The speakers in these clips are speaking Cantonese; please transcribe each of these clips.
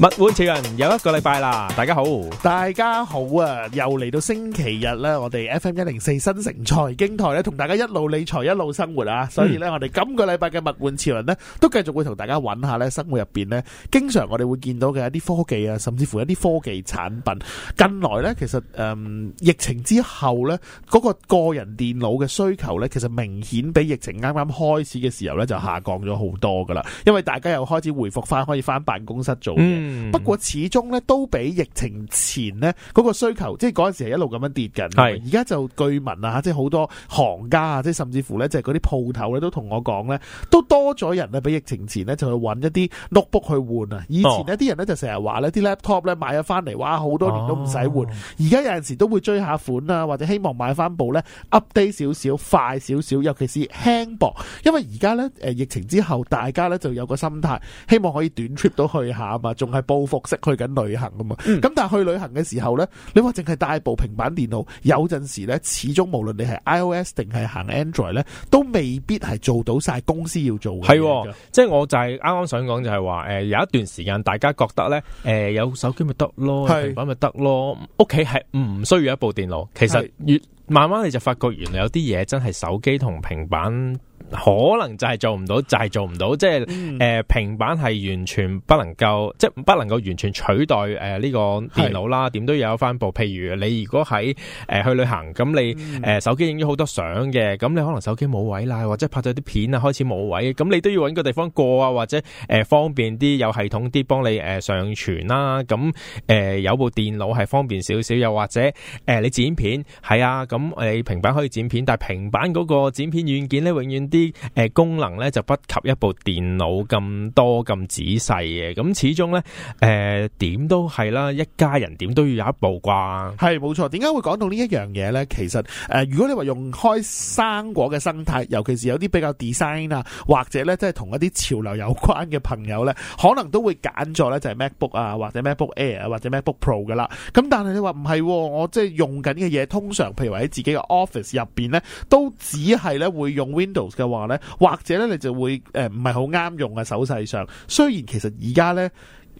物玩潮人又一個禮拜啦，大家好，大家好啊，又嚟到星期日啦，我哋 F M 一零四新城財經台咧，同大家一路理財一路生活啊，所以咧，我哋今個禮拜嘅物玩潮人咧，都繼續會同大家揾下咧，生活入邊咧，經常我哋會見到嘅一啲科技啊，甚至乎一啲科技產品，近來咧，其實誒，疫情之後咧，嗰個個人電腦嘅需求咧，其實明顯比疫情啱啱開始嘅時候咧，就下降咗好多噶啦，因為大家又開始回復翻，可以翻辦公室做嘢。嗯、不過始終咧都比疫情前咧嗰個需求，即係嗰陣時係一路咁樣跌緊。係而家就據聞啊，即係好多行家啊，即係甚至乎咧，就係嗰啲鋪頭咧都同我講咧，都多咗人咧，比疫情前咧就去搵一啲 notebook 去換啊。以前呢啲人咧就成日話呢啲 laptop 咧買咗翻嚟，哇，好多年都唔使換。而家、哦、有陣時都會追下款啊，或者希望買翻部咧 update 少少，快少少，尤其是輕薄，因為而家咧誒疫情之後，大家咧就有個心態，希望可以短 trip 到去下啊嘛，仲係。報復式去緊旅行啊嘛，咁但係去旅行嘅時候咧，你話淨係帶部平板電腦，有陣時咧，始終無論你係 iOS 定係行 Android 咧，都未必係做到晒公司要做嘅。係、哦，即係我就係啱啱想講就係話，誒、呃，有一段時間大家覺得咧，誒、呃，有手機咪得咯，平板咪得咯，屋企係唔需要一部電腦，其實越。慢慢你就發覺原來有啲嘢真係手機同平板可能就係做唔到，就係、是、做唔到。即係誒、嗯呃、平板係完全不能夠即係不能夠完全取代誒呢、呃這個電腦啦。點是都要有翻部。譬如你如果喺誒、呃、去旅行，咁你誒、呃、手機影咗好多相嘅，咁你可能手機冇位啦，或者拍咗啲片啊開始冇位，咁你都要揾個地方過啊，或者誒、呃、方便啲、有系統啲幫你誒、呃、上傳啦。咁誒、呃、有部電腦係方便少少，又或者誒、呃、你剪片係啊咁。嗯咁你平板可以剪片，但係平板嗰個剪片軟件咧，永遠啲誒功能咧就不及一部電腦咁多咁仔細嘅。咁始終咧，誒、呃、點都係啦，一家人點都要有一部啩。係冇錯。點解會講到呢一樣嘢咧？其實誒、呃，如果你話用開生果嘅生態，尤其是有啲比較 design 啊，或者咧即係同一啲潮流有關嘅朋友咧，可能都會揀咗咧就係 MacBook 啊，或者 MacBook Air 啊，或者 MacBook Pro 噶啦。咁但係你話唔係，我即係用緊嘅嘢，通常譬如話自己嘅 office 入邊咧，都只係咧會用 Windows 嘅話咧，或者咧你就會誒唔係好啱用嘅、啊、手勢上，雖然其實而家咧。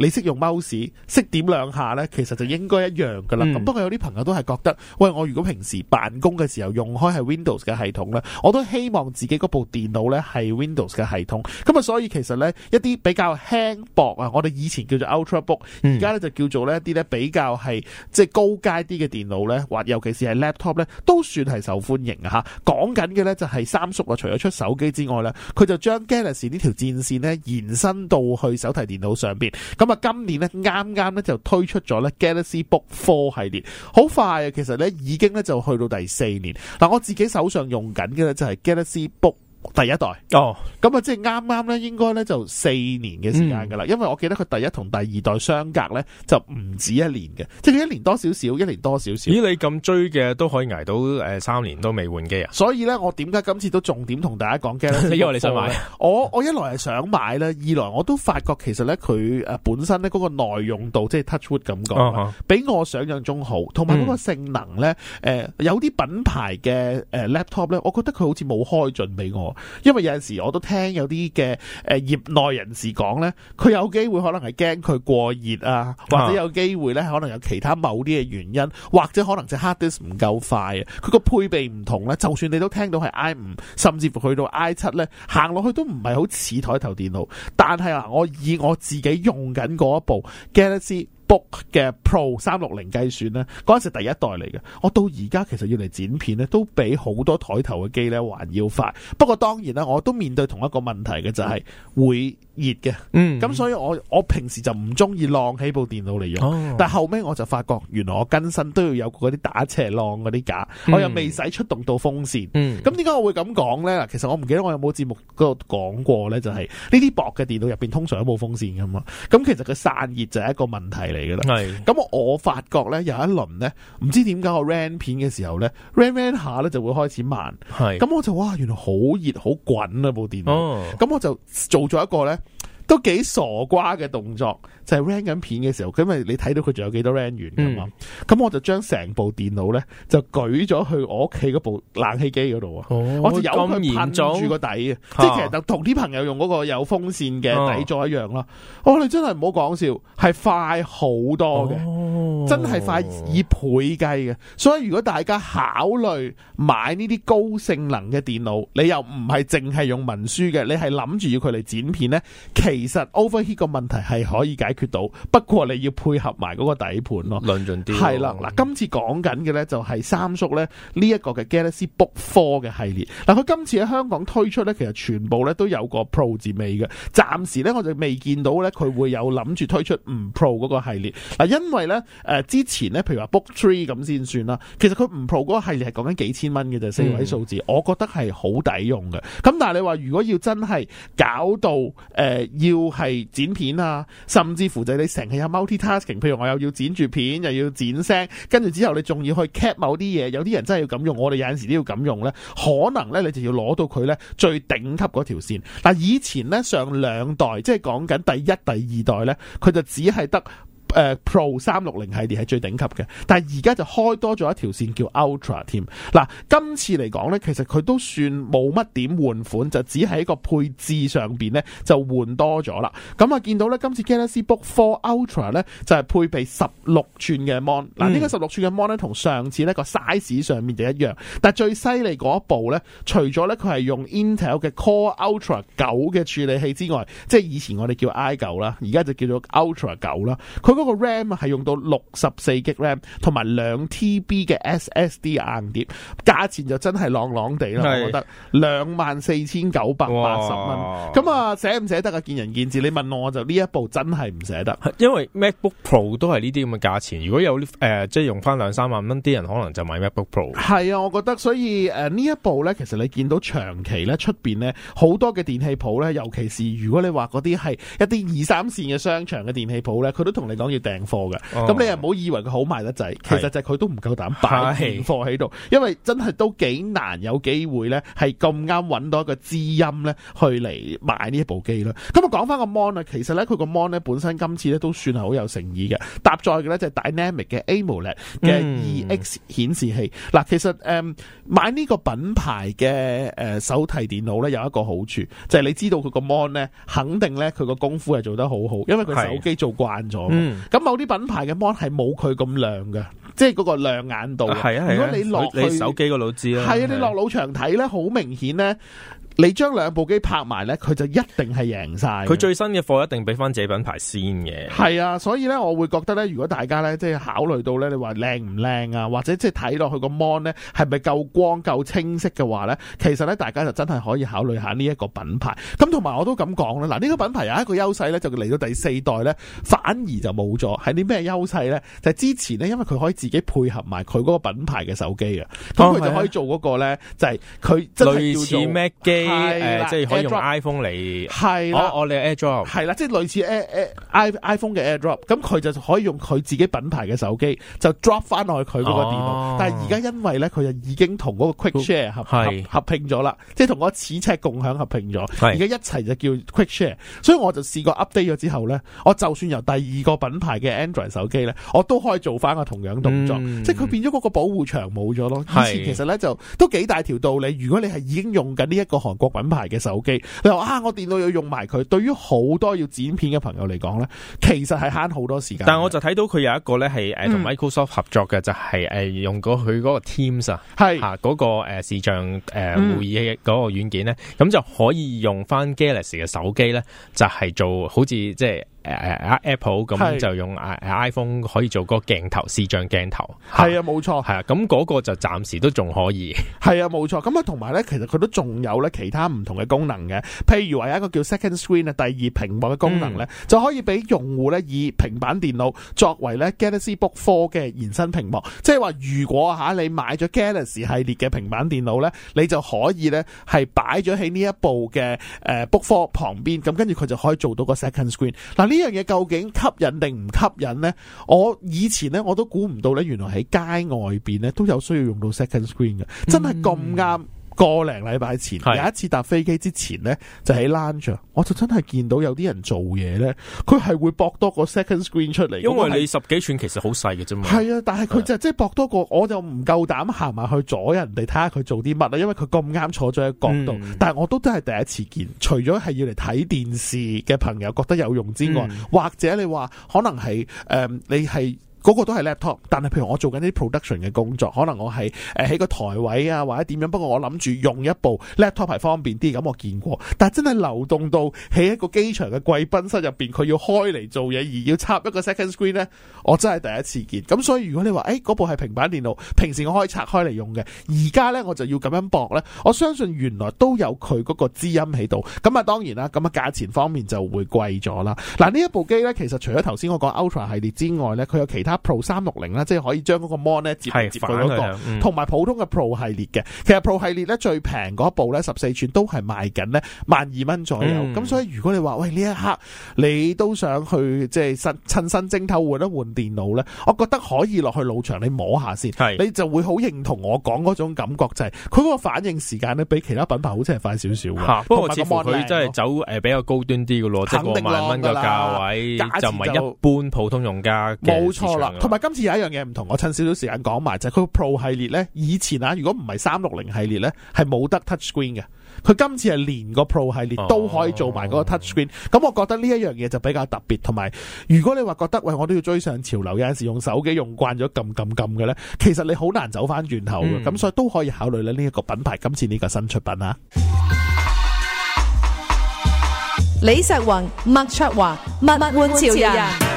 你識用 mouse，識點兩下呢，其實就應該一樣噶啦。咁、嗯、不過有啲朋友都係覺得，喂，我如果平時辦公嘅時候用開係 Windows 嘅系統呢，我都希望自己嗰部電腦呢係 Windows 嘅系統。咁啊，所以其實呢，一啲比較輕薄啊，我哋以前叫做 Ultrabook，而家呢就叫做呢一啲呢比較係即係高階啲嘅電腦呢，或者尤其是係 laptop 呢，都算係受歡迎啊！嚇，講緊嘅呢就係三叔啊，除咗出手機之外呢，佢就將 Galaxy 呢條戰線呢延伸到去手提電腦上面。咁。今年咧啱啱咧就推出咗咧 Galaxy Book 4系列，好快啊！其實咧已經咧就去到第四年。嗱，我自己手上用緊嘅咧就係 Galaxy Book。第一代哦，咁啊，即係啱啱咧，應該咧就四年嘅時間噶啦，嗯、因為我記得佢第一同第二代相隔咧就唔止一年嘅，即、就、係、是、一年多少少，一年多少少。咦，你咁追嘅都可以捱到誒、呃、三年都未換機啊？所以咧，我點解今次都重點同大家講嘅咧？因為你想買， 我我一來係想買咧，二來我都發覺其實咧佢誒本身咧嗰、那個耐用度即係 TouchWood 感覺，哦、哈比我想象中好，同埋嗰個性能咧誒、嗯呃、有啲品牌嘅誒、呃、Laptop 咧，我覺得佢好似冇開盡俾我。因為有陣時我都聽有啲嘅誒業內人士講呢佢有機會可能係驚佢過熱啊，或者有機會呢可能有其他某啲嘅原因，或者可能隻 hard disk 唔夠快啊，佢個配備唔同呢，就算你都聽到係 i 五，甚至乎去到 i 七呢行落去都唔係好似台頭電腦，但係啊，我以我自己用緊嗰一部 Galaxy Book 嘅 Pro 360計算咧，嗰陣時第一代嚟嘅。我到而家其實要嚟剪片咧，都比好多台頭嘅機咧還要快。不過當然啦，我都面對同一個問題嘅，就係會熱嘅。嗯，咁所以我我平時就唔中意浪起部電腦嚟用。哦、但後尾我就發覺原來我更新都要有嗰啲打斜浪嗰啲架，嗯、我又未使出動到風扇。嗯，咁點解我會咁講咧？其實我唔記得我有冇節目嗰度講過咧，就係呢啲薄嘅電腦入邊通常都冇風扇噶嘛。咁其實佢散熱就係一個問題嚟。嚟噶啦，係咁我發覺咧，有一輪咧，唔知點解我 ran 片嘅時候咧，ran ran 下咧就會開始慢，係咁是我就哇，原來好熱好滾啊部電腦，咁、哦、我就做咗一個咧。都幾傻瓜嘅動作，就係、是、run 緊片嘅時候，咁咪你睇到佢仲有幾多 run 完噶嘛？咁、嗯、我就將成部電腦呢，就舉咗去我屋企嗰部冷氣機嗰度啊，哦、我由佢噴住個底啊，即係其實就同啲朋友用嗰個有風扇嘅底座一樣咯。我哋、啊哦、真係唔好講笑，係快好多嘅，哦、真係快以倍計嘅。所以如果大家考慮買呢啲高性能嘅電腦，你又唔係淨係用文書嘅，你係諗住要佢嚟剪片呢。其實 Overheat 個問題係可以解決到，不過你要配合埋嗰個底盤咯。論盡啲。係啦，嗱，今次講緊嘅咧就係三叔咧呢一個嘅 Galaxy Book Four 嘅系列。嗱，佢今次喺香港推出咧，其實全部咧都有個 Pro 字尾嘅。暫時咧我就未見到咧佢會有諗住推出唔 Pro 嗰個系列。嗱，因為咧誒之前咧，譬如話 Book Three 咁先算啦。其實佢唔 Pro 嗰個系列係講緊幾千蚊嘅就四位數字。嗯、我覺得係好抵用嘅。咁但係你話如果要真係搞到誒要。呃要係剪片啊，甚至乎就係你成日有 multi-tasking，譬如我又要剪住片，又要剪聲，跟住之後你仲要去 cap 某啲嘢，有啲人真係要咁用，我哋有陣時都要咁用呢。可能呢，你就要攞到佢呢最頂級嗰條線。但以前呢，上兩代，即係講緊第一、第二代呢，佢就只係得。呃、Pro 三六零系列係最頂級嘅，但係而家就開多咗一條線叫 Ultra 添。嗱，今次嚟講呢，其實佢都算冇乜點換款，就只喺個配置上面呢就換多咗啦。咁啊，見到呢，今次 Galaxy Book Four Ultra 呢，就係、是、配備十六寸嘅 mon。嗱、嗯，呢個十六寸嘅 mon 呢，同上次呢個 size 上面就一樣，但最犀利嗰一部呢除咗呢，佢係用 Intel 嘅 Core Ultra 九嘅處理器之外，即係以前我哋叫 I 九啦，而家就叫做 Ultra 九啦，佢。嗰個 RAM 係用到六十四 G RAM，同埋兩 TB 嘅 SSD 硬碟，價錢就真係朗朗地啦，是我覺得兩萬四千九百八十蚊，咁啊哇、嗯、捨唔捨得啊？見仁見智，你問我就呢一部真係唔捨，捨得，因為 MacBook Pro 都係呢啲咁嘅價錢。如果有誒、呃、即係用翻兩三萬蚊，啲人可能就買 MacBook Pro。係啊，我覺得所以誒呢、呃、一部呢，其實你見到長期呢出邊呢，好多嘅電器鋪呢，尤其是如果你話嗰啲係一啲二三線嘅商場嘅電器鋪呢，佢都同你講。要訂貨嘅，咁、哦、你又唔好以為佢好賣得滯，其實就係佢都唔夠膽擺現貨喺度，因為真係都幾難有機會咧，係咁啱揾到一個知音咧，去嚟買呢一部機啦。咁啊，講翻個 mon 咧，其實咧佢個 mon 咧本身今次咧都算係好有誠意嘅，搭載嘅咧就係 dynamic 嘅 amoled 嘅 2x 顯、嗯、示器。嗱，其實誒、嗯、買呢個品牌嘅誒、呃、手提電腦咧有一個好處，就係、是、你知道佢個 mon 咧肯定咧佢個功夫係做得好好，因為佢手機做慣咗。是嗯咁某啲品牌嘅 mon 係冇佢咁亮嘅，即係嗰個亮眼度。係啊係、啊啊，如果你落你手機個腦知啦。係啊，你落腦場睇咧，好明顯咧。你將兩部機拍埋呢，佢就一定係贏晒。佢最新嘅貨一定俾翻自己品牌先嘅。係啊，所以呢，我會覺得呢，如果大家呢，即係考慮到呢，你話靚唔靚啊，或者即係睇落去個 mon 呢，係咪夠光夠清晰嘅話呢，其實呢，大家就真係可以考慮下呢一個品牌。咁同埋我都咁講啦，嗱呢個品牌有一個優勢呢，就嚟到第四代呢，反而就冇咗，係啲咩優勢呢？就係之前呢，因為佢可以自己配合埋佢嗰個品牌嘅手機啊，咁佢就可以做嗰個呢、哦，就係佢真係叫做類似 Mac 機。A，呃、即係可以用 iPhone 嚟，係啦，我我哋 AirDrop，係啦，即係類似 Air i iPhone 嘅 AirDrop，咁佢就可以用佢自己品牌嘅手機就 drop 翻落去佢嗰個電腦，oh，但係而家因為咧，佢就已經同嗰個 Quick Share 合、oh，合併咗啦，即係同嗰個尺尺共享合併咗，而家是一齊就叫 Quick Share，所以我就試過 update 咗之後咧，我就算由第二個品牌嘅 Android 手機咧，我都可以做翻個同樣動作，嗯、即係佢變咗嗰個保護牆冇咗咯，以前其實咧就都幾大條道理，如果你係已經用緊呢一個行國品牌嘅手機，你話啊，我電腦要用埋佢，對於好多要剪片嘅朋友嚟講咧，其實係慳好多時間。但係我就睇到佢有一個咧係誒同 Microsoft 合作嘅，嗯、就係誒用嗰佢嗰個 Teams 是啊，係吓嗰個誒視像誒會議嗰個軟件咧，咁、嗯、就可以用翻 Galaxy 嘅手機咧，就係、是、做好似即係。誒 Apple 咁就用 iPhone 可以做個鏡頭視像鏡頭，係啊，冇錯，係啊，咁嗰錯、啊、個就暫時都仲可以，係啊，冇錯，咁啊，同埋咧，其實佢都仲有咧其他唔同嘅功能嘅，譬如話有一個叫 Second Screen 啊，第二屏幕嘅功能咧，嗯、就可以俾用戶咧以平板電腦作為咧 Galaxy Book Four 嘅延伸屏幕，即係話如果吓你買咗 Galaxy 系列嘅平板電腦咧，你就可以咧係擺咗喺呢一部嘅誒 Book Four 旁邊，咁跟住佢就可以做到個 Second Screen 呢樣嘢究竟吸引定唔吸引呢？我以前呢，我都估唔到呢，原來喺街外面都有需要用到 second screen 嘅，真係咁啱。個零禮拜前有一次搭飛機之前呢，就喺 Lounge，我就真係見到有啲人做嘢呢，佢係會駁多個 second screen 出嚟。因為你十幾寸其實好細嘅啫嘛。係啊，但係佢就即係駁多個，我就唔夠膽行埋去阻人哋睇下佢做啲乜啦，因為佢咁啱坐咗喺角度。嗯、但係我都真係第一次見，除咗係要嚟睇電視嘅朋友覺得有用之外，嗯、或者你話可能係誒、呃、你係。嗰個都係 laptop，但係譬如我做緊啲 production 嘅工作，可能我係喺、呃、個台位啊或者點樣，不過我諗住用一部 laptop 係方便啲，咁我見過。但真係流動到喺一個機場嘅貴賓室入面，佢要開嚟做嘢而要插一個 second screen 呢，我真係第一次見。咁所以如果你話誒嗰部係平板電腦，平時我可以拆開嚟用嘅，而家呢我就要咁樣駁呢，我相信原來都有佢嗰個知音喺度。咁啊當然啦，咁啊價錢方面就會貴咗啦。嗱呢一部機呢，其實除咗頭先我講 Ultra 系列之外呢，佢有其他。Pro 三六零啦，即係可以將嗰個 Mon 咧接接佢、那、嗰個，同埋、嗯、普通嘅 Pro 系列嘅。其實 Pro 系列咧最平嗰部咧十四寸都係賣緊呢萬二蚊左右。咁、嗯、所以如果你話喂呢一刻你都想去即係趁身精透換一換電腦咧，我覺得可以落去腦場你摸下先，係是的 你就會好認同我講嗰種感覺、就是，就係佢嗰個反應時間咧比其他品牌好一點點、啊、似係快少少不過只不過佢真係走誒比較高端啲嘅咯，即係萬零蚊嘅價位就唔係一般普通用家。同埋今次有一樣嘢唔同，我趁少少時間講埋就係、是、佢 Pro 系列呢。以前啊，如果唔係三六零系列呢，係冇得 Touch Screen 嘅。佢今次係連個 Pro 系列都可以做埋嗰個 Touch Screen，咁、oh. 我覺得呢一樣嘢就比較特別。同埋，如果你話覺得喂，我都要追上潮流，有陣時用手機用慣咗撳撳撳嘅呢，其實你好難走翻轉頭嘅。咁、嗯、所以都可以考慮呢一個品牌今次呢個新出品啊。李石云、麥卓華、物玩潮人。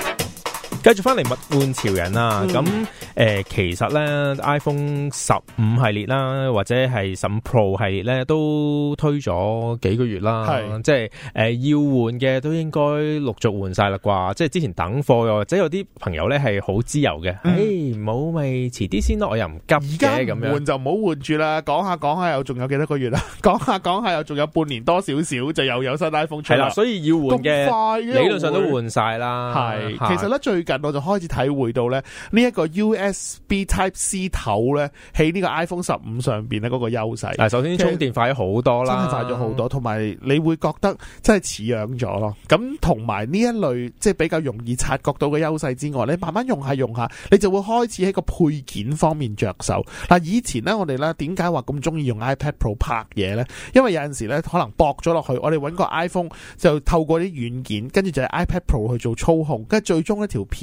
繼續翻嚟物換潮人啦，咁誒、嗯呃，其實咧 iPhone 十五系列啦，或者係十五 Pro 系列咧，都推咗幾個月啦，是即係誒、呃、要換嘅都應該陸續換晒啦啩，即係之前等貨又或者有啲朋友咧係好自由嘅，誒好咪遲啲先咯，我又唔急嘅，而家換就唔好換住啦，講下講下又仲有幾多個月啦，講下講下又仲有半年多少少就又有新 iPhone 出啦，所以要換嘅理論上都換晒啦，係其實咧是最近。我就開始體會到咧呢一個 USB Type C 頭咧喺呢個 iPhone 十五上邊咧嗰個優勢。首先充電快好多啦，真係快咗好多，同埋你會覺得真係似樣咗咯。咁同埋呢一類即係比較容易察覺到嘅優勢之外，你慢慢用下用下，你就會開始喺個配件方面着手。嗱，以前咧我哋咧點解話咁中意用 iPad Pro 拍嘢咧？因為有陣時咧可能駁咗落去，我哋揾個 iPhone 就透過啲軟件，跟住就係 iPad Pro 去做操控，跟住最終一條片。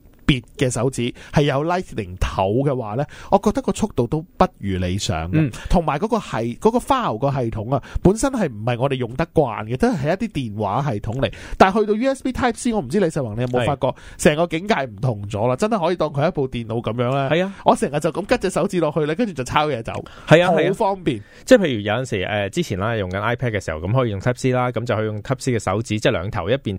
嘅手指係有 lightning 頭嘅話呢，我覺得個速度都不如理想，同埋嗰個係嗰、嗰個 file 個系統啊，本身係唔係我哋用得慣嘅，都係一啲電話系統嚟。但係去到 USB Type C，我唔知李世宏你有冇發覺，成是的 個境界唔同咗啦，真係可以當佢一部電腦咁樣咧。係啊，我成日就咁拮隻手指落去咧，跟住就抄嘢走，係啊，好方便。即係譬如有陣時誒、呃，之前啦用緊 iPad 嘅時候咁，可以用 Type C 啦，咁就可以用 Type C 嘅手指，即係兩頭一邊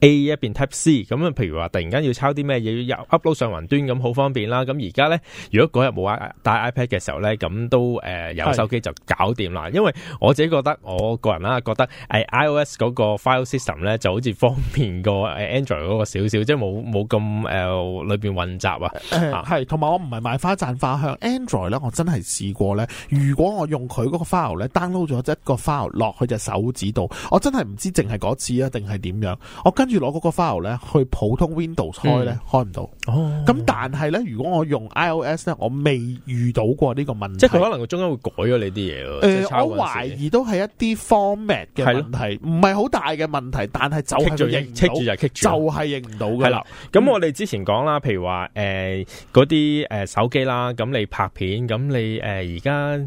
A 一邊 Type C 咁啊，譬如話突然間要抄啲咩嘢，要 upload 上雲端咁好方便啦。咁而家咧，如果嗰日冇帶 iPad 嘅時候咧，咁都誒、呃、有手機就搞掂啦。是因為我自己覺得我個人啦，覺得誒、呃、iOS 嗰個 file system 咧，就好似方便過誒 Android 嗰個少少，即係冇冇咁誒裏邊混雜啊。係、呃，同埋、啊、我唔係賣花贊花向 Android 咧，我真係試過咧。如果我用佢嗰個 file 咧，download 咗一個 file 落去隻手指度，我真係唔知淨係嗰次啊，定係點樣？我跟跟住攞嗰個 file 咧，去普通 Windows 開咧，開唔到。哦，咁但係咧，如果我用 iOS 咧，我未遇到過呢個問題，即係佢可能中間會改咗你啲嘢咯。誒，我懷疑都係一啲 format 嘅問題，唔係好大嘅問題，但係就係認唔到，就係認唔到。係啦，咁我哋之前講啦，譬如話誒嗰啲誒手機啦，咁你拍片，咁你誒而家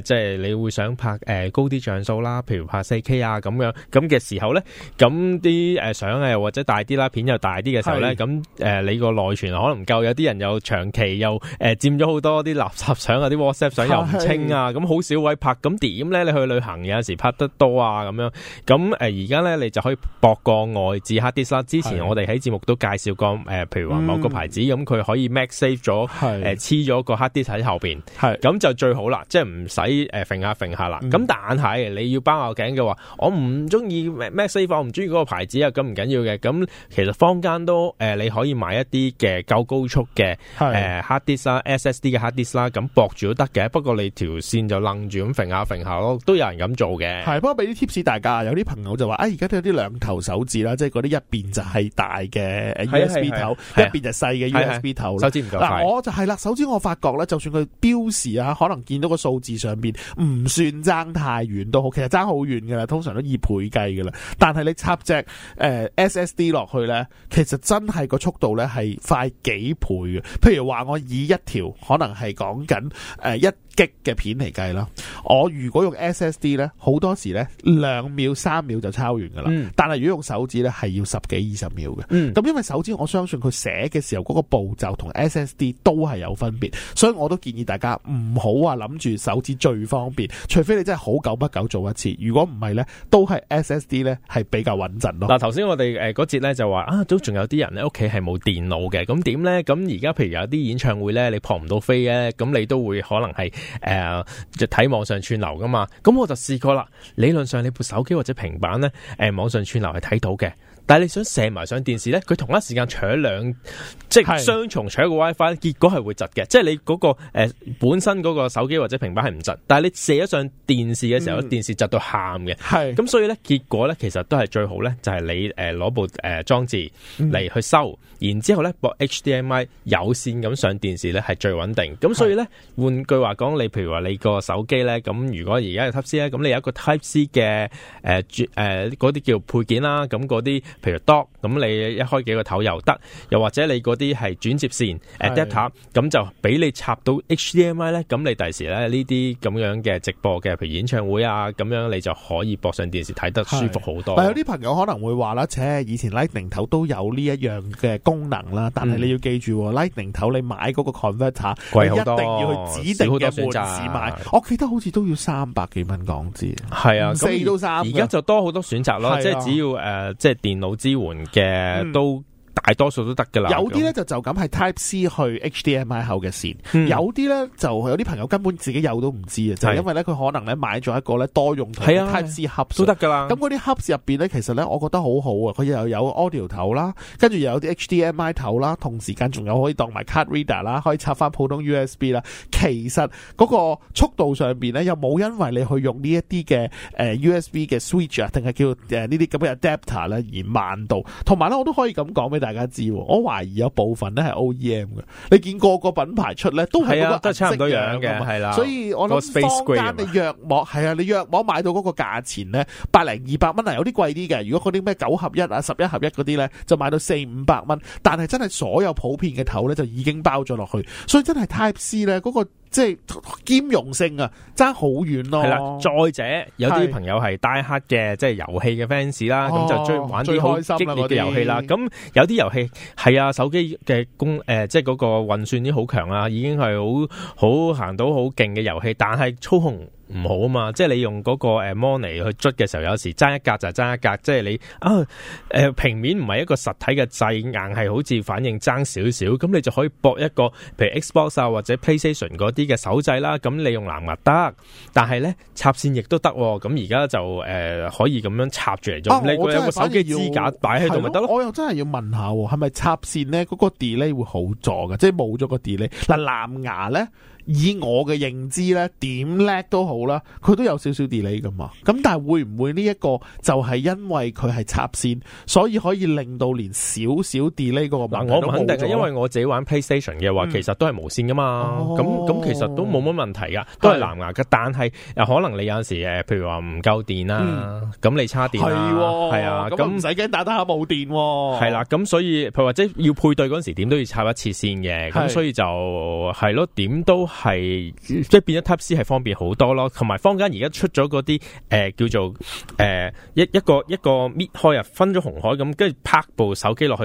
誒即係你會想拍誒高啲像素啦，譬如拍四 K 啊咁樣，咁嘅時候咧，咁啲誒相。或者大啲啦，片又大啲嘅時候咧，咁誒是、呃，你個內存可能夠。夠，有啲人又長期又誒佔咗好多啲垃圾相嗰啲 WhatsApp 相又唔清啊，咁好是少位拍，咁點咧？你去旅行有陣時拍得多啊，咁樣，咁誒而家咧你就可以博個外置 hard disk 啦。之前我哋喺節目都介紹過，誒、呃，譬如話某個牌子咁，佢、嗯、可以 MagSafe 咗，誒黐咗個 hard disk 喺後邊，咁是就最好啦，即係唔使誒揈下揈下啦。咁、嗯、但係你要包頸嘅話，我唔中意 MagSafe，我唔中意嗰個牌子啊，咁唔緊緊要嘅，咁其實坊間都誒、呃，你可以買一啲嘅夠高速嘅誒，hard disk 啦，SSD 嘅 hard disk 啦，咁駁住都得嘅。不過你條線就楞住咁揈下揈下咯，都有人咁做嘅。係，不過俾啲 tips 大家，有啲朋友就話，啊而家都有啲兩頭手指啦，即係嗰啲一邊就係大嘅 USB 頭，一邊就細嘅 USB 頭啦。手指唔夠嗱，我就係啦，手指我發覺咧，就算佢標示啊，可能見到個數字上邊唔算差太遠都好，其實差好遠噶啦，通常都二倍計噶啦。但係你插隻誒。呃 S S D 落去呢，其實真係個速度呢係快幾倍嘅。譬如話我以一條可能係講緊誒一 Gig 嘅片嚟計啦，我如果用 S S D 呢，好多時呢兩秒三秒就抄完噶啦。嗯、但係如果用手指呢，係要十幾二十秒嘅。咁、嗯、因為手指，我相信佢寫嘅時候嗰個步驟同 S S D 都係有分別，所以我都建議大家唔好話諗住手指最方便，除非你真係好久不久做一次。如果唔係呢，都係 S S D 呢，係比較穩陣咯。嗱，頭先我哋。誒，嗰節咧就話啊，都仲有啲人咧屋企係冇電腦嘅，咁點咧？咁而家譬如有啲演唱會咧，你撲唔到飛咧，咁你都會可能係誒，就、呃、睇網上串流噶嘛？咁我就試過啦。理論上你部手機或者平板咧，誒，網上串流係睇到嘅。但係你想射埋上電視咧，佢同一時間搶兩，即係雙重搶一個 WiFi，結果係會窒嘅。即係你嗰、那個、呃、本身嗰個手機或者平板係唔窒，但係你射咗上電視嘅時候，嗯、電視窒到喊嘅。咁是，所以咧結果咧，其實都係最好咧，就係、是、你誒攞、呃、部誒、呃、裝置嚟去收，嗯、然之後咧駁、這個、HDMI 有線咁上電視咧係最穩定。咁所以咧，換是句話講，你譬如話你個手機咧，咁如果而家係 Type C 咧，咁你有一個 Type C 嘅誒嗰啲叫配件啦，咁嗰啲。譬如 Dock 咁，你一開幾個頭又得，又或者你嗰啲係轉接線是 adapter，咁就俾你插到 HDMI 咧。咁你第時咧呢啲咁樣嘅直播嘅，譬如演唱會啊咁樣，你就可以播上電視睇得舒服好多。但係有啲朋友可能會話啦，唓，以前 Lightning 頭都有呢一樣嘅功能啦，但係你要記住、嗯、，Lightning 頭你買嗰個 converter 貴好多，一定要去指定嘅店買。我記得好似都要三百幾蚊港紙。係啊，四到三。而家就多好多選擇咯，啊、即係只要誒、呃，即係電腦，有支援嘅都。嗯大多數都得噶啦，有啲咧就就咁係 Type C 去 HDMI 口嘅線，嗯、有啲咧就有啲朋友根本自己有都唔知啊，是就係因為咧佢可能咧買咗一個咧多用途，Type、啊、C 盒 hubs,。都得噶啦。咁嗰啲盒入邊咧，其實咧我覺得好好啊，佢又有 Audio 頭啦，跟住又有啲 HDMI 頭啦，同時間仲有可以當埋 Card Reader 啦，可以插翻普通 USB 啦。其實嗰個速度上邊咧又冇，因為你去用呢一啲嘅誒 USB 嘅 Switch 啊，定係叫誒呢啲咁嘅 Adapter 咧而慢到。同埋咧，我都可以咁講俾你。大家知，我懷疑有部分咧係 OEM 嘅。你見個個品牌出咧都係覺得差唔多樣嘅，係啦。所以我諗坊間你約莫，係啊，你約莫買到嗰個價錢咧，百零二百蚊啊，有啲貴啲嘅。如果嗰啲咩九合一啊、十一合一嗰啲咧，就買到四五百蚊。但係真係所有普遍嘅頭咧，就已經包咗落去。所以真係 Type C 咧，嗰個。即係兼容性啊，差好遠咯。係啦，再者有啲朋友係 die hard 嘅，即係遊戲嘅 fans 啦，咁、哦、就中意玩啲好激烈嘅遊戲啦。咁些有啲遊戲係啊，手機嘅功誒，即係嗰個運算啲好強啊，已經係好好行到好勁嘅遊戲，但係操控。唔好啊嘛，即係你用嗰個誒 mon 去捽嘅時候，有時爭一格就係爭一格，即係你啊誒、呃、平面唔係一個實體嘅掣，硬係好似反應爭少少，咁你就可以駁一個，譬如 Xbox 啊或者 PlayStation 嗰啲嘅手掣啦，咁你用藍牙得，但係咧插線亦都得，咁而家就誒可以咁、呃、樣插住嚟用，啊、你個有一個手機支架擺喺度咪得咯？我又真係要問下，係咪插線咧嗰、嗰個 delay 會好咗嘅，即係冇咗個 delay 嗱、啊、藍牙咧？以我嘅認知咧，點叻都好啦，佢都有少少 delay 噶嘛。咁但係會唔會呢一個就係因為佢係插線，所以可以令到連少少 delay 嗰個問題都冇？我肯定係因為我自己玩 PlayStation 嘅話、嗯、其實都係無線噶嘛。咁咁、哦、其實都冇乜問題噶，都係藍牙嘅。是的但係啊，可能你有陣時誒譬如話唔夠電啦，咁你插電係喎，係啊，咁唔使驚打得下冇電、啊，係啦，咁所以譬如或者要配對嗰陣時點都要插一次線嘅。咁的所以就係咯，點都。係即係變咗 Type C，係方便好多咯，同埋坊間而家出咗嗰啲誒叫做誒、呃、一一個一個搣開啊，分咗紅海咁，跟住拍部手機落去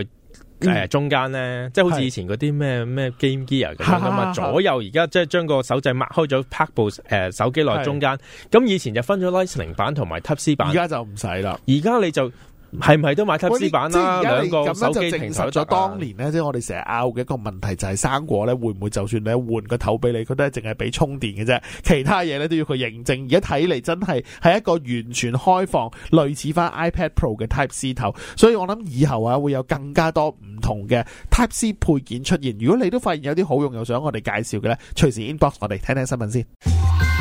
誒、呃、中間咧，即係好似以前嗰啲咩咩 game gear 咁啊嘛，左右而家即係將個手掣擘開咗，拍部誒、呃、手機落去中間，咁以前就分咗 lightning 版同埋 Type C 版，而家就唔使啦，而家你就。係唔係都買 Type C 版啦？兩個手機證實咗，當年呢，啊、即係我哋成日拗嘅一個問題就係，生果呢會唔會就算你換個頭俾你，佢都係淨係俾充電嘅啫，其他嘢呢都要佢認證。而家睇嚟真係係一個完全開放，類似翻 iPad Pro 嘅 Type C 頭，所以我諗以後啊會有更加多唔同嘅 Type C 配件出現。如果你都發現有啲好用又想我哋介紹嘅呢，隨時 inbox 我哋聽聽新聞先。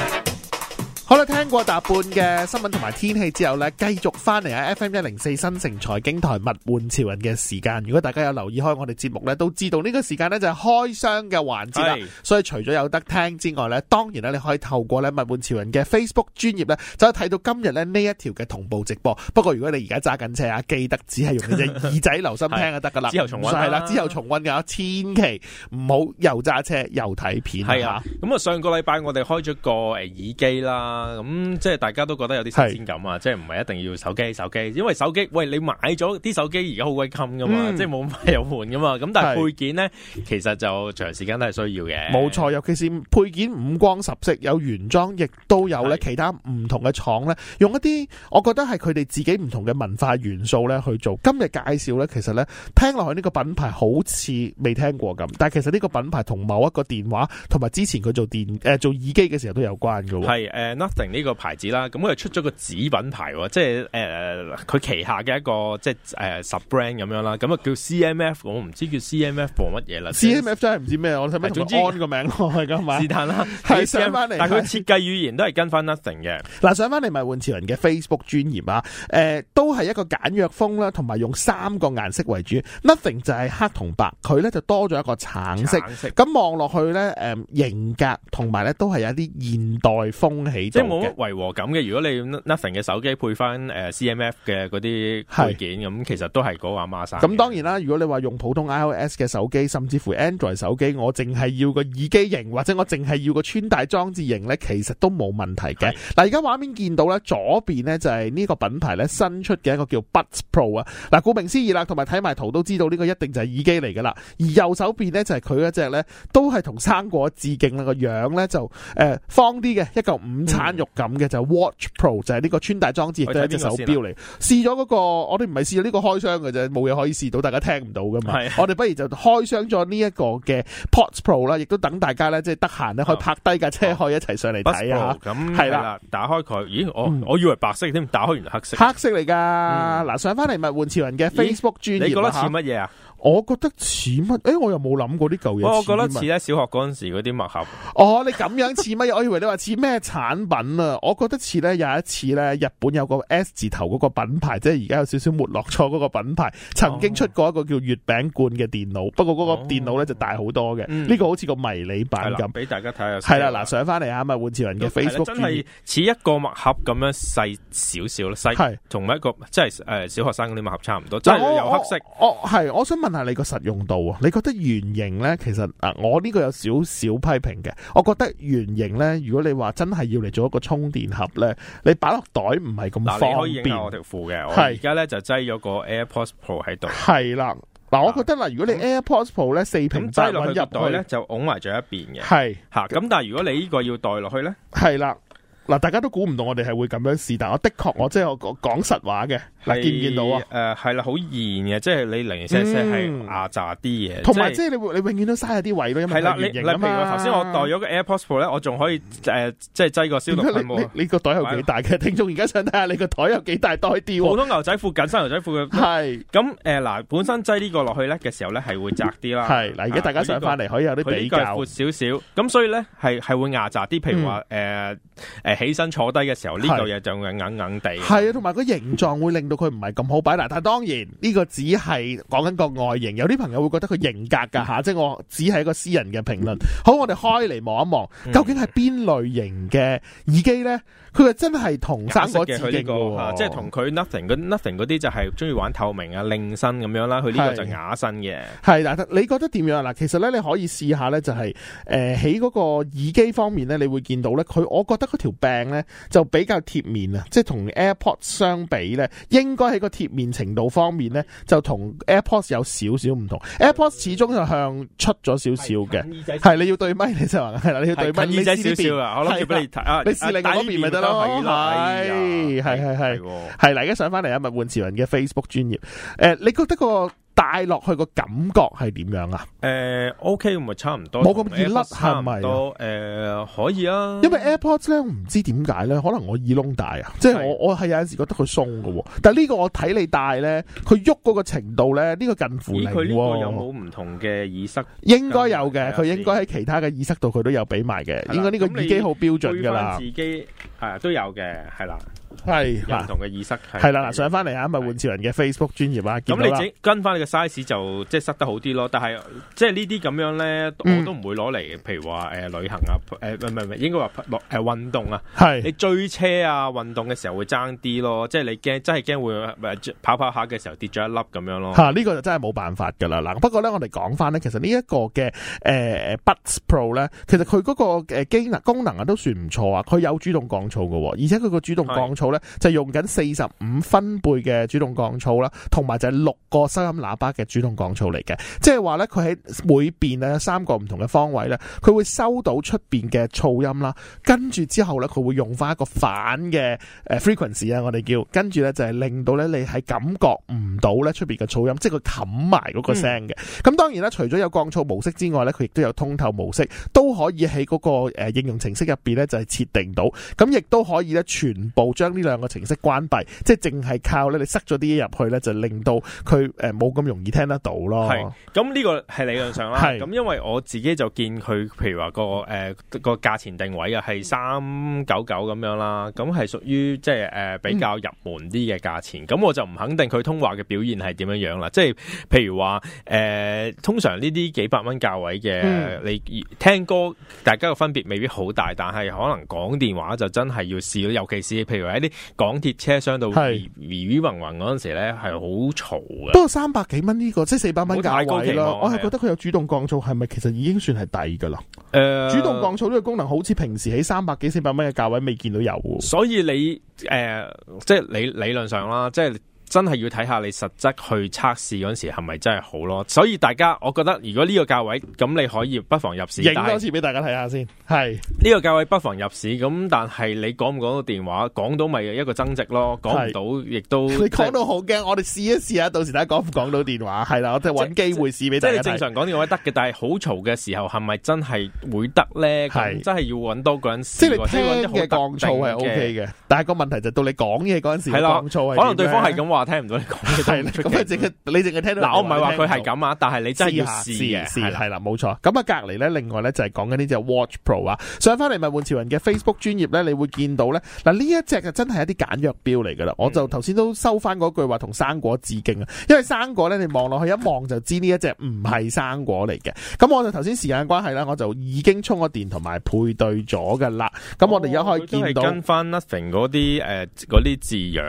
好啦，聽過大半嘅新聞同埋天氣之後呢，繼續翻嚟喺 FM 一零四新城財經台《物玩潮人》嘅時間。如果大家有留意開我哋節目呢，都知道呢個時間呢就係開箱嘅環節啦。是所以除咗有得聽之外呢，當然咧，你可以透過呢《物玩潮人》嘅 Facebook 專頁呢，就睇到今日呢一條嘅同步直播。不過如果你而家揸緊車啊，記得只係用隻耳仔留心聽就得噶啦。之後重溫係啦，之後重溫噶，千祈唔好又揸車又睇片。係啊，咁啊，上個禮拜我哋開咗個誒耳機啦。咁即係大家都覺得有啲新鮮感啊，即係唔係一定要手機手機，因為手機，喂，你買咗啲手機而家好鬼襟噶嘛，即係冇咁快要換噶嘛，咁但係配件咧，其實就長時間都係需要嘅。冇錯，尤其是配件五光十色，有原裝，亦都有咧其他唔同嘅廠咧，用一啲我覺得係佢哋自己唔同嘅文化元素咧去做。今日介紹咧，其實咧聽落去呢個品牌好似未聽過咁，但係其實呢個品牌同某一個電話同埋之前佢做電誒做耳機嘅時候都有關噶。係誒。Nothing 呢個牌子啦，咁佢又出咗個子品牌，即係誒佢旗下嘅一個即係誒、呃、sub brand 咁樣啦，咁啊叫 CMF，我唔知叫 CMF 做乜嘢啦。CMF 真係唔知咩，我唔係。總之我個名係㗎嘛，是，是但啦，但係佢設計語言都係跟翻 Nothing 嘅。嗱，上翻嚟咪換潮人嘅 Facebook 專頁啊，誒、呃、都係一個簡約風啦，同埋用三個顏色為主。Nothing 就係黑同白，佢咧就多咗一個橙色。咁望落去咧，誒、嗯、型格同埋咧都係有一啲現代風氣。即係冇違和感嘅。如果你用 Nothing 嘅手機配翻 CMF 嘅嗰啲配件，咁是其實都係嗰個 m a s 咁，當然啦，如果你話用普通 IOS 嘅手機，甚至乎 Android 手機，我淨係要個耳機型，或者我淨係要個穿戴裝置型咧，其實都冇問題嘅。嗱是，而家畫面見到咧，左邊呢，就係呢個品牌咧新出嘅一個叫 Buds Pro 啊。嗱，顧名思義啦，同埋睇埋圖都知道呢個一定就係耳機嚟㗎啦。而右手邊呢，就係佢嗰隻咧，都係同生果致敬啦。個樣咧就誒、呃、方啲嘅，一嚿五彈肉咁嘅就 Watch Pro 就係呢個穿戴裝置，亦都係一隻手表嚟。試咗嗰個，我哋唔係試咗呢個開箱嘅啫，冇嘢可以試到，大家聽唔到噶嘛。是的 我哋不如就開箱咗呢一個嘅 Buds Pro 啦，亦都等大家咧，即係得閒咧可以拍低架車，可以、嗯、一齊上嚟睇吓。咁係啦，哦、port, 的打開佢，咦，我、嗯、我以為白色添，打開完來黑色，黑色嚟噶。嗱、嗯，上翻嚟物玩潮人嘅 Facebook 專頁，你覺得似乜嘢啊？我覺得似乜？誒、欸，我又冇諗過啲舊嘢。我覺得似咧小學嗰陣時嗰啲墨盒。哦，你咁樣似乜嘢？ 我以為你話似咩產品啊？我覺得似咧有一次咧，日本有個 S 字頭嗰個品牌，即係而家有少少沒落錯嗰個品牌，曾經出過一個叫月餅罐嘅電腦。哦、不過嗰個電腦咧就大好多嘅。呢、嗯、個好似個迷你版咁，俾、嗯、大家睇下、啊。係啦，嗱，上翻嚟，啊，咪換潮人嘅 Facebook，真係似一個墨盒咁樣細少少細，同是一個即係誒小學生嗰啲墨盒差唔多，即係我有黑色。我，我，我想問。但係你個實用度啊？你覺得圓形咧，其實啊，我呢個有少少批評嘅。我覺得圓形咧，如果你話真係要嚟做一個充電盒咧，你擺落袋唔係咁方便。我條褲嘅，我而家咧就擠咗個 AirPods Pro 喺度。係啦，嗱，我覺得嗱，如果你 AirPods Pro 咧四平，咁擠落去入袋咧就拱埋咗一邊嘅。係吓，咁但係如果你呢個要袋落去咧，係啦。嗱，大家都估唔到我哋係會咁樣試，但我的確我即係我講實話嘅。嗱，見唔見到啊？誒，係啦，好嚴嘅，即係你零零舍舍係壓榨啲嘢。同埋，即係你你永遠都嘥下啲位咯。係啦，你，譬如頭先我袋咗個 AirPods Pro 咧，我仲可以誒，即係擠個消毒你個袋有幾大嘅？聽眾而家想睇下你個袋有幾大袋啲？普通牛仔褲，緊身牛仔褲嘅。係咁誒，嗱，本身擠呢個落去咧嘅時候咧，係會窄啲啦。係嗱，而家大家想翻嚟，可以有啲比較。佢闊少少，咁所以咧係係會壓榨啲。譬如話誒誒。起身坐低嘅時候，呢度嘢就會硬硬地。係啊，同埋個形狀會令到佢唔係咁好擺。嗱，但係當然呢、這個只係講緊個外形，有啲朋友會覺得佢型格噶吓、嗯啊，即係我只係一個私人嘅評論。好，我哋開嚟望一望，究竟係邊類型嘅耳機咧？佢係真係同色嘅、這個，啊、即係同佢 Nothing 嗰 Nothing 嗰啲就係中意玩透明啊、亮身咁樣啦。佢呢個就啞身嘅。係嗱，你覺得點樣啊？嗱，其實咧你可以試下咧、就是，就係誒喺嗰個耳機方面咧，你會見到咧，佢我覺得嗰條。病咧就比較貼面啊，即係同 AirPods 相比咧，應該喺個貼面程度方面咧，就同 AirPods 有少少唔同。AirPods 始終就向出咗少少嘅，係你要對咪你就話係啦，你要對咪你少少啊，我攞住俾你睇啊，你試另一邊咪得咯。係係係係，係而家上翻嚟啊，物玩潮人嘅 Facebook 專頁，誒，你覺得個？戴落去個感覺係點樣啊？誒，OK，咁咪差唔多，冇咁易甩，係咪？誒，可以啊。因為 AirPods 咧，唔知點解咧，可能我耳窿大啊，即係我我係有陣時覺得佢鬆噶。但係呢個我睇你戴咧，佢喐嗰個程度咧，呢個近乎零喎。有冇唔同嘅耳塞？應該有嘅，佢應該喺其他嘅耳塞度，佢都有俾埋嘅。應該呢個耳機好標準噶啦。耳機？係啊，都有嘅，係啦。係，唔同嘅意識是是。係啦，嗱，上翻嚟、就是、啊，咪換潮人嘅 Facebook 專頁啊，咁你整跟翻你嘅 size 就即係塞得好啲咯。但係即係呢啲咁樣咧，我都唔會攞嚟，譬如話、呃、旅行啊，誒唔唔唔，應該話、呃呃、運動啊，係你追車啊運動嘅時候會爭啲咯。即係你驚真係驚會跑跑下嘅時候跌咗一粒咁樣咯。呢個就真係冇辦法噶啦。嗱，不過咧，我哋講翻咧，其實呢一個嘅誒 Buds Pro 咧，其實佢嗰個機能功能啊都算唔錯啊。佢有主動降噪嘅，而且佢個主動降好咧，就用緊四十五分貝嘅主動降噪啦，同埋就係六個收音喇叭嘅主動降噪嚟嘅，即係話呢，佢喺每邊呢三個唔同嘅方位呢，佢會收到出邊嘅噪音啦，跟住之後呢，佢會用翻一個反嘅誒 frequency 啊，我哋叫，跟住呢，就係令到呢你係感覺唔到呢出邊嘅噪音，即係佢冚埋嗰個聲嘅。咁、嗯、當然啦，除咗有降噪模式之外呢，佢亦都有通透模式，都可以喺嗰個誒應用程式入邊呢就係設定到，咁亦都可以呢全部將。呢兩個程式關閉，即係淨係靠咧，你塞咗啲嘢入去咧，就令到佢誒冇咁容易聽得到咯。係，咁呢個係理論上啦。係，咁因為我自己就見佢，譬如話個誒、呃、個價錢定位啊，係三九九咁樣啦，咁係屬於即係誒比較入門啲嘅價錢。咁、嗯、我就唔肯定佢通話嘅表現係點樣樣啦。即係譬如話誒、呃，通常呢啲幾百蚊價位嘅、嗯、你聽歌，大家嘅分別未必好大，但係可能講電話就真係要試。尤其是譬如喺啲港鐵車廂度霧霧蒙蒙嗰陣時咧，係好嘈嘅。不過三百幾蚊呢個，即係四百蚊價位咯。我係覺得佢有主動降噪，係咪其實已經算係抵噶啦？誒、呃，主動降噪呢個功能，好似平時喺三百幾、四百蚊嘅價位未見到有。所以你誒、呃，即係理理論上啦，即係。真係要睇下你實質去測試嗰時係咪真係好咯，所以大家我覺得如果呢個價位咁你可以不妨入市，影多次俾大家睇下先。係呢個價位不妨入市，咁但係你講唔講到電話，講到咪一個增值咯，講唔到亦都。你講到好驚，我哋試一試啊，到時大家講唔講到電話。係啦，我即係揾機會試俾。即係你正常講電話得嘅，但係好嘈嘅時候係咪真係會得咧？係真係要揾多個人試。即係你聽嘅降噪係 OK 嘅，但係個問題就到你講嘢嗰陣時，可能對方係咁、OK、話。我聽唔到你講，嘅的。咁你淨係你淨係聽到嗱，我唔係話佢係咁啊，但係你真係要試試係啦，冇錯。咁啊，隔籬咧，另外咧就係講緊呢隻 Watch Pro 啊。上翻嚟物玩潮人嘅 Facebook 專頁咧，你會見到咧嗱，呢一隻就真係一啲簡約標嚟噶啦。嗯、我就頭先都收翻嗰句話同生果致敬啊，因為生果咧你望落去一望就知呢一隻唔係生果嚟嘅。咁我就頭先時間關係啦，我就已經充咗電同埋配對咗噶啦。咁我哋而家可以見到，哦、跟翻 Nothing 嗰啲誒啲字樣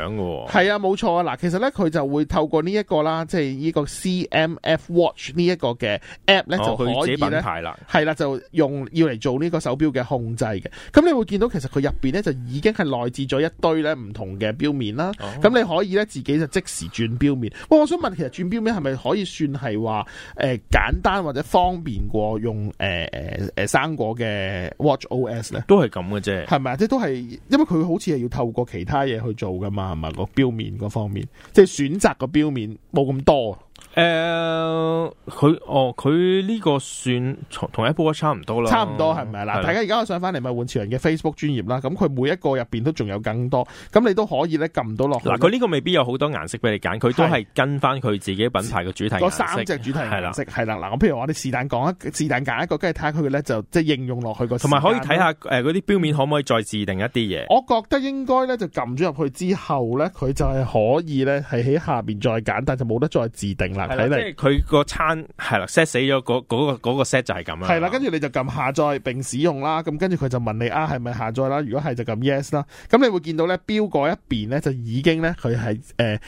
係啊、哦，冇錯啊，嗱。其實咧佢就會透過呢、這、一個啦，即係呢個 CMF Watch 呢一個嘅 app 咧、哦，就可以咧係啦，就用要嚟做呢個手表嘅控制嘅。咁你會見到其實佢入邊咧就已經係內置咗一堆咧唔同嘅表面啦。咁、哦、你可以咧自己就即時轉表面。我、哦、我想問，其實轉表面係咪可以算係話誒簡單或者方便過用誒誒誒生果嘅 WatchOS 咧？都係咁嘅啫，係咪啊？即都係，因為佢好似係要透過其他嘢去做噶嘛，係咪個表面嗰方面？.即係選擇個表面冇咁多。誒、佢、呃、哦，佢呢個算同同一波差唔多啦，差唔多係咪？嗱，是的 大家而家我想翻嚟咪換潮人嘅 Facebook 專頁啦，咁佢每一個入邊都仲有更多，咁你都可以咧撳到落去。嗱，佢呢個未必有好多顏色俾你揀，佢都係跟翻佢自己品牌嘅主題。嗰三隻主題係啦，色系啦，嗱，譬如我哋是但講一，是但揀一個，跟住睇下佢嘅咧就即係應用落去個。同埋可以睇下誒嗰啲錶面可唔可以再自定一啲嘢？我覺得應該咧就撳咗入去之後咧，佢就係可以咧係喺下邊再揀，但就冇得再自定。啦，佢、個餐係啦，set 死咗嗰個個 set 就係咁啦。係啦，跟住你就撳下載並使用啦。咁跟住佢就問你啊，係咪下載啦？如果係就撳 yes 啦。咁你會見到咧標嗰一邊咧就已經咧佢係誒。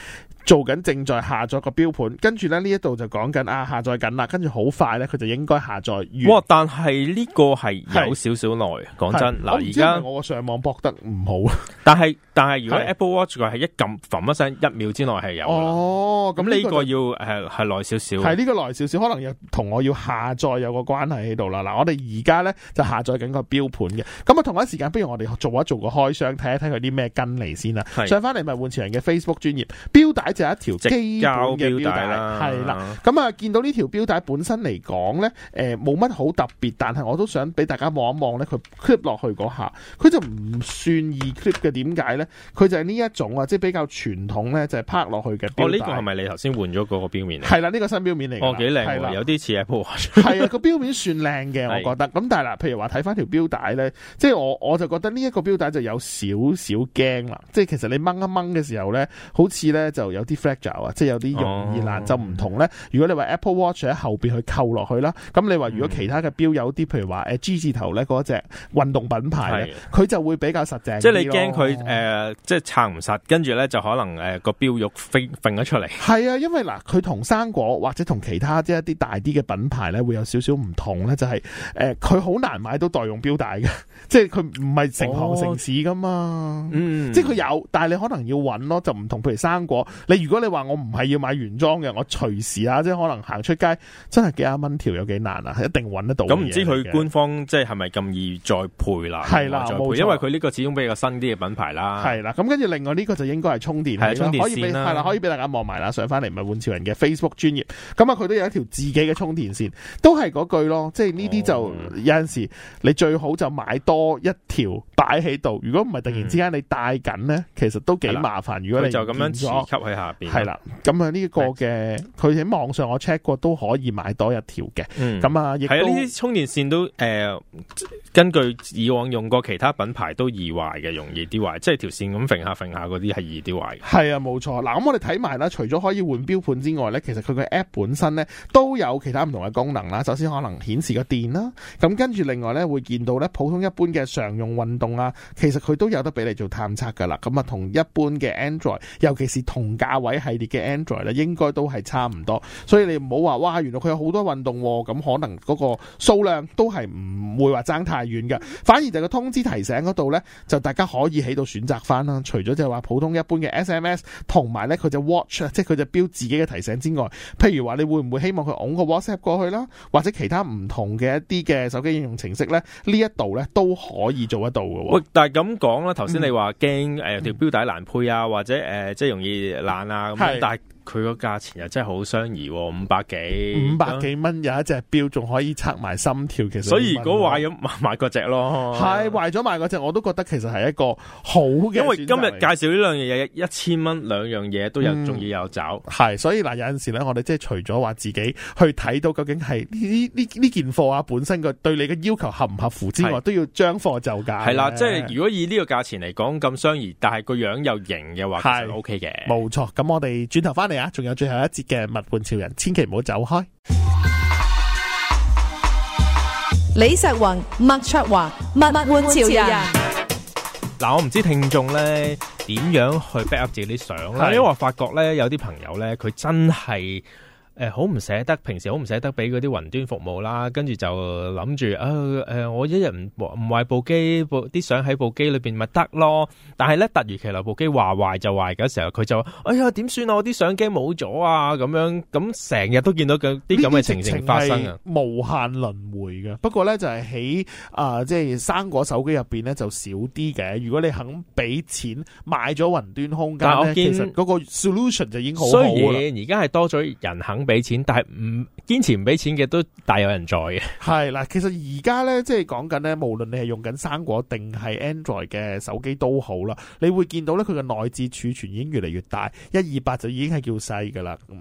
做緊正在下載個標盤，跟住咧呢一度就講緊啊下載緊啦，跟住好快咧佢就應該下載完。但係呢個係有少少耐，講真嗱，而家我上網博得唔好。但係但係如果 Apple Watch 嘅係一撳，冚一聲一秒之內係有。哦，咁呢個要誒係耐少少，係呢個耐少少，可能又同我要下載有個關係喺度啦。嗱，我哋而家咧就下載緊個標盤嘅，咁啊同一時間，不如我哋做一做個開箱，睇一睇佢啲咩跟嚟，先啦。上翻嚟咪換前人嘅 Facebook 專業標帶就一條基本嘅表帶啦，係啦，咁啊的、嗯嗯、見到呢條表帶本身嚟講咧，誒冇乜好特別，但係我都想俾大家望一望咧，佢 clip 落去嗰下，佢就唔算易 clip 嘅，點解咧？佢就係呢一種啊，即係比較傳統咧，就係、是、拍落去嘅表帶。哦，呢、這個係咪你頭先換咗嗰個表面嚟？係啦，呢、這個新表面嚟。哦，幾靚喎，有啲似 Apple。係啊，個表面算靚嘅，我覺得。咁的但係啦，譬如話睇翻條表帶咧，即係我我就覺得呢一個表帶就有少少驚啦。即係其實你掹一掹嘅時候咧，好似咧就有。啲啊，fragile, 即係有啲容易爛、oh. 就唔同咧。如果你話 Apple Watch 喺後邊去扣落去啦，咁你話如果其他嘅表有啲，譬如話誒 G 字頭咧嗰隻運動品牌佢的就會比較實淨、呃。即係你驚佢誒，即係撐唔實，跟住咧就可能誒個表肉揈咗出嚟。係啊，因為嗱，佢同生果或者同其他即係一啲大啲嘅品牌咧，會有少少唔同咧，就係誒佢好難買到代用表帶嘅，即係佢唔係成行成市噶嘛。Oh. 即係佢有，但係你可能要揾咯，就唔同譬如生果如果你話我唔係要買原裝嘅，我隨時啊，即係可能行出街，真係幾廿蚊條有幾難啊，一定揾得到、啊。咁唔知佢官方即係係咪咁易再配啦？係啦，因為佢呢個始終比較新啲嘅品牌啦。係啦，咁跟住另外呢個就應該係充電啦、啊，可以俾係啦，可以俾大家望埋啦。上翻嚟唔係物玩潮人嘅 Facebook 專頁，咁啊佢都有一條自己嘅充電線，都係嗰句咯，即係呢啲就有陣時你最好就買多一條擺喺度。如果唔係突然之間你帶緊呢，其實都幾麻煩。的如果你就咁樣去係啦，咁啊呢個嘅，佢喺的網上我 check 過都可以買多一條嘅，咁、嗯、啊亦都。呢啲充電線都誒、呃，根據以往用過其他品牌都易壞嘅，容易啲壞，即係條線咁揈下揈下嗰啲係易啲壞。係啊，冇錯。嗱，咁我哋睇埋啦，除咗可以換錶盤之外咧，其實佢個 app 本身咧都有其他唔同嘅功能啦。首先可能顯示個電啦，咁跟住另外咧會見到咧普通一般嘅常用運動啊，其實佢都有得俾你做探測噶啦。咁啊同一般嘅 Android，尤其是同價位系列嘅 Android 咧，應該都係差唔多，所以你唔好話哇，原來佢有好多運動，咁可能嗰個數量都係唔會話爭太遠嘅，反而就個通知提醒嗰度咧，就大家可以喺度選擇翻啦。除咗就係話普通一般嘅 SMS 同埋咧，佢就 Watch 即係佢就標自己嘅提醒之外，譬如話你會唔會希望佢㧬個 WhatsApp 過去啦，或者其他唔同嘅一啲嘅手機應用程式咧，呢一度咧都可以做得到嘅。喂，但係咁講啦，頭先你話驚誒條表帶難配啊，或者誒、呃、即係容易啊咁，但係佢個價錢又真係好相宜。哦，嗯、五百幾五百幾蚊有一隻錶仲可以測埋心跳，其實所以如果壞咗買買嗰隻咯，係壞咗買嗰隻我都覺得其實係一個好嘅。因為今日介紹呢兩樣嘢，一千蚊兩樣嘢都有，仲，嗯、要有找。係所以嗱有陣時咧，我哋即係除咗話自己去睇到究竟係呢呢呢件貨啊本身個對你嘅要求合唔合乎之外，是都要將貨就價。係啦，即係如果以呢個價錢嚟講咁相宜，但係個樣又型嘅話，O K 嘅。冇錯是，咁、OK、我哋轉頭翻嚟。仲有最後一節嘅《物玩潮人》，千祈唔好走開。李石云、麥卓華、物物玩潮人。嗱， 我唔知聽眾咧點樣去 backup 自己啲相咧，是因為我發覺咧有啲朋友咧佢真係。誒，好唔捨得，平時好唔捨得俾嗰啲雲端服務啦，跟住就諗住啊，誒，我一日唔唔壞部機，部啲相喺部機裏邊咪得咯。但係咧，突如其來部機壞壞就壞嘅時候，佢就話，哎呀，點算啊？我啲相機冇咗啊，咁樣，咁成日都見到咁啲咁嘅情形發生啊。無限輪迴嘅。不過咧，就係喺啊，即係生果手機入邊咧就少啲嘅。如果你肯俾錢買咗雲端空間咧，其實嗰個 solution 就已經好。雖然而家係多咗人肯。俾錢，但係唔堅持唔俾錢嘅都大有人在嘅。係嗱，其實而家呢，即係講緊呢，無論你係用緊生果定係 Android 嘅手機都好啦，你會見到呢，佢嘅內置儲存已經越嚟越大，一二八就已經係叫細噶啦，二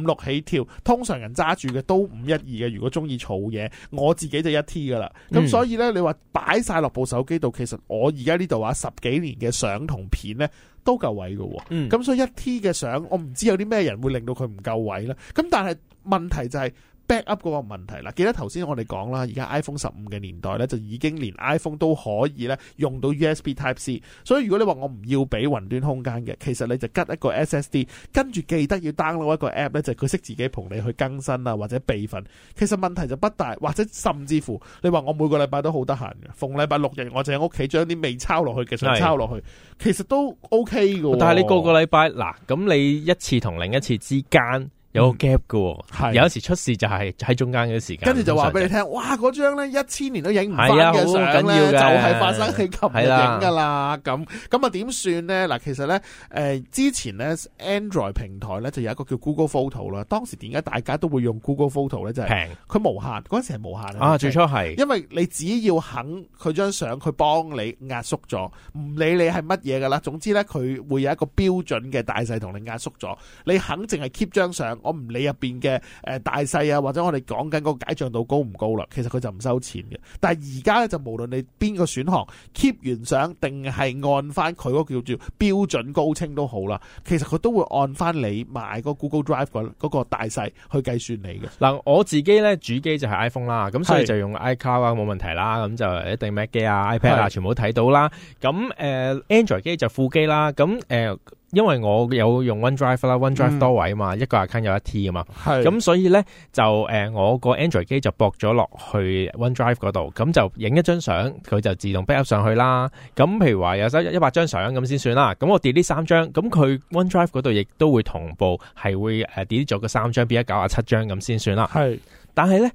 五六起跳，通常人揸住嘅都五一二嘅。如果中意儲嘢，我自己就一 T 噶啦。咁、嗯、所以呢，你話擺晒落部手機度，其實我而家呢度話十幾年嘅相同片呢。都夠位嘅喎，咁、嗯、所以一 T 嘅相，我唔知有啲咩人會令到佢唔夠位啦。咁但係問題就係、是，backup 嗰個問題啦，記得頭先我哋講啦，而家 iPhone 十五嘅年代咧，就已經連 iPhone 都可以咧用到 USB Type C。所以如果你話我唔要俾雲端空間嘅，其實你就吉一個 SSD，跟住記得要 download 一個 app 咧，就佢識自己同你去更新啊或者備份。其實問題就不大，或者甚至乎你話我每個禮拜都好得閒，逢禮拜六日我就喺屋企將啲未抄落去嘅相抄落去，的其實都 OK 嘅。但係你個個禮拜嗱，咁你一次同另一次之間，有 gap 嘅，嗯、有時出事就係喺中間嘅時間，跟住就話俾你聽，就是、哇，嗰張咧一千年都影唔到嘅相就係發生佢 keep 影噶啦，咁咁啊點算呢？嗱，其實呢，誒、呃，之前呢 Android 平台呢就有一個叫 Google Photo 啦，當時點解大家都會用 Google Photo 呢？就係平，佢無限嗰陣宜時係無限啊，最初係，因為你只要肯佢張相佢幫你壓縮咗，唔理你係乜嘢噶啦，總之呢，佢會有一個標準嘅大細同你壓縮咗，你肯淨係 keep 張相。我唔理入邊嘅誒大細啊，或者我哋講緊個解像度高唔高啦，其實佢就唔收錢嘅。但係而家咧就無論你邊個選項 keep 原相，定係按翻佢個叫做標準高清都好啦，其實佢都會按翻你買個 Google Drive 個嗰個大細去計算你嘅。嗱，我自己咧主機就係 iPhone 啦，咁所以就用 iCloud 啊冇問題啦。咁就一定 Mac 機啊、iPad 啊，的全部睇到啦。咁誒、呃、Android 機就副機啦。咁誒。呃因為我有用 OneDrive 啦，OneDrive 多位啊嘛，嗯、一個 account 有一 T 啊嘛，咁是所以咧就誒、呃，我個 Android 機就駁咗落去 OneDrive 嗰度，咁就影一張相，佢就自動 backup 上去啦。咁譬如話有一百張相咁先算啦，咁我跌呢三張，咁佢 OneDrive 嗰度亦都會同步，係會誒跌咗個三張，變咗九廿七張咁先算啦。係是，但係咧。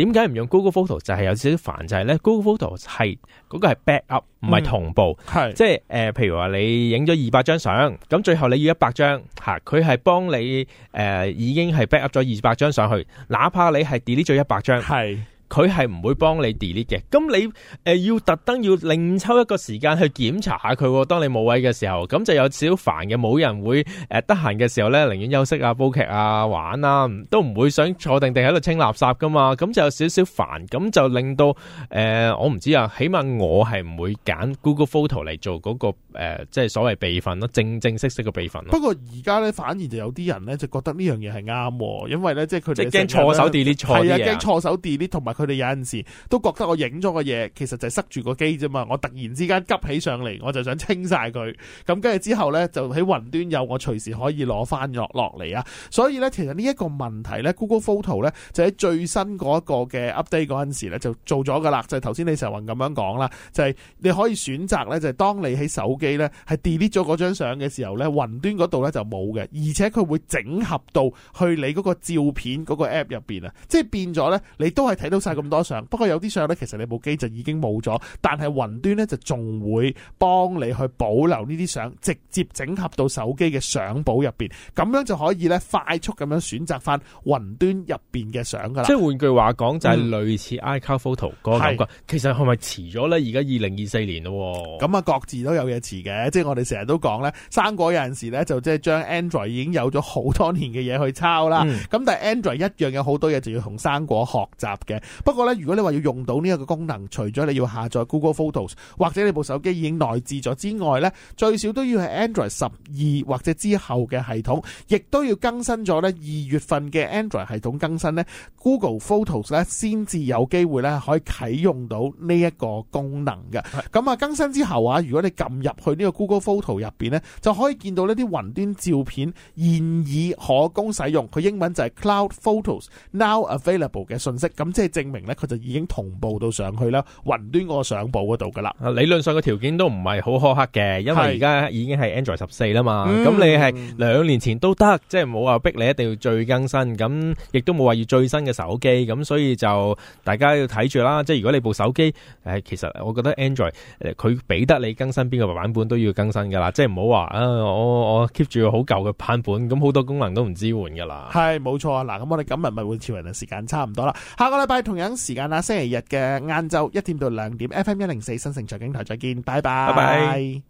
為什麼不點解唔用 Google Photo？就係有少少煩，就係咧 Google Photo 係嗰個係 backup，唔係同步，係、嗯、即係誒、呃，譬如話你影咗二百張相，咁最後你要一百張，吓佢係幫你誒、呃、已經係 backup 咗二百張上去，哪怕你係 delete 咗一百張，係。佢係唔會幫你 delete 嘅，咁你、呃、要特登要另抽一個時間去檢查下佢。當你冇位嘅時候，咁就有少少煩嘅。冇人會、呃、得閒嘅時候咧，寧願休息啊、煲劇啊、玩啊，都唔會想坐定定喺度清垃圾噶嘛。咁就有少少煩，咁就令到誒、呃、我唔知啊。起碼我係唔會揀 Google Photo 嚟做嗰、個、呃、即係所謂備份咯，正正式式嘅備份。不過而家咧，反而就有啲人咧就覺得呢樣嘢係啱，因為咧即係佢哋驚錯手 delete 錯、啊、驚錯手 delete 同埋。佢哋有陣時都覺得我影咗個嘢，其實就係塞住個機啫嘛。我突然之間急起上嚟，我就想清晒佢。咁跟住之後咧，就喺雲端有，我隨時可以攞翻落落嚟啊。所以咧，其實呢一個問題咧，Google Photo 咧就喺最新嗰一個嘅 update 嗰陣時咧就做咗噶啦。就係頭先李成雲咁樣講啦，就係、是、你可以選擇咧，就係當你喺手機咧係 delete 咗張相嘅時候咧，雲端嗰度咧就冇嘅，而且佢會整合到去你嗰個照片嗰個 app 入邊啊。即係變咗咧，你都係睇到咁多相，不過有啲相咧，其實你部機就已經冇咗，但係雲端咧就仲會幫你去保留呢啲相，直接整合到手機嘅相簿入邊，咁樣就可以咧快速咁樣選擇翻雲端入邊嘅相噶啦。即係換句話講，就係、是、類似 iCloud Photo 嗰、那個感覺。嗯、其實係咪遲咗咧？而家二零二四年啦，咁啊，各自都有嘢遲嘅。即係我哋成日都講咧，生果有陣時咧就即係將 Android 已經有咗好多年嘅嘢去抄啦。咁、嗯、但係 Android 一樣有好多嘢就要同生果學習嘅。不過咧，如果你話要用到呢一個功能，除咗你要下載 Google Photos 或者你部手機已經內置咗之外呢，最少都要係 Android 十二或者之後嘅系統，亦都要更新咗呢二月份嘅 Android 系統更新呢，Google Photos 咧先至有機會咧可以啟用到呢一個功能嘅。咁啊是，更新之後啊，如果你撳入去呢個 Google Photos 入邊呢，就可以見到呢啲雲端照片現已可供使用，佢英文就係 Cloud Photos Now Available 嘅信息。咁即係證明咧，佢就已經同步到上去啦，雲端嗰個上部嗰度噶啦。理論上個條件都唔係好苛刻嘅，因為而家已經係 Android 十四啦嘛。咁、嗯、你係兩年前都得，即係冇話逼你一定要最更新。咁亦都冇話要最新嘅手機。咁所以就大家要睇住啦。即係如果你部手機，誒，其實我覺得 Android 佢俾得你更新邊個版本都要更新噶啦。即係唔好話啊，我我 keep 住好舊嘅版本，咁好多功能都唔支援噶啦。係，冇錯啊。嗱，咁我哋今日咪會調人嘅時間差唔多啦。下個禮拜。同樣時間啦，星期日嘅晏晝一點到兩點，FM 一零四新城財經台再見，拜拜。拜拜 bye。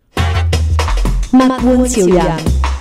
物玩潮人。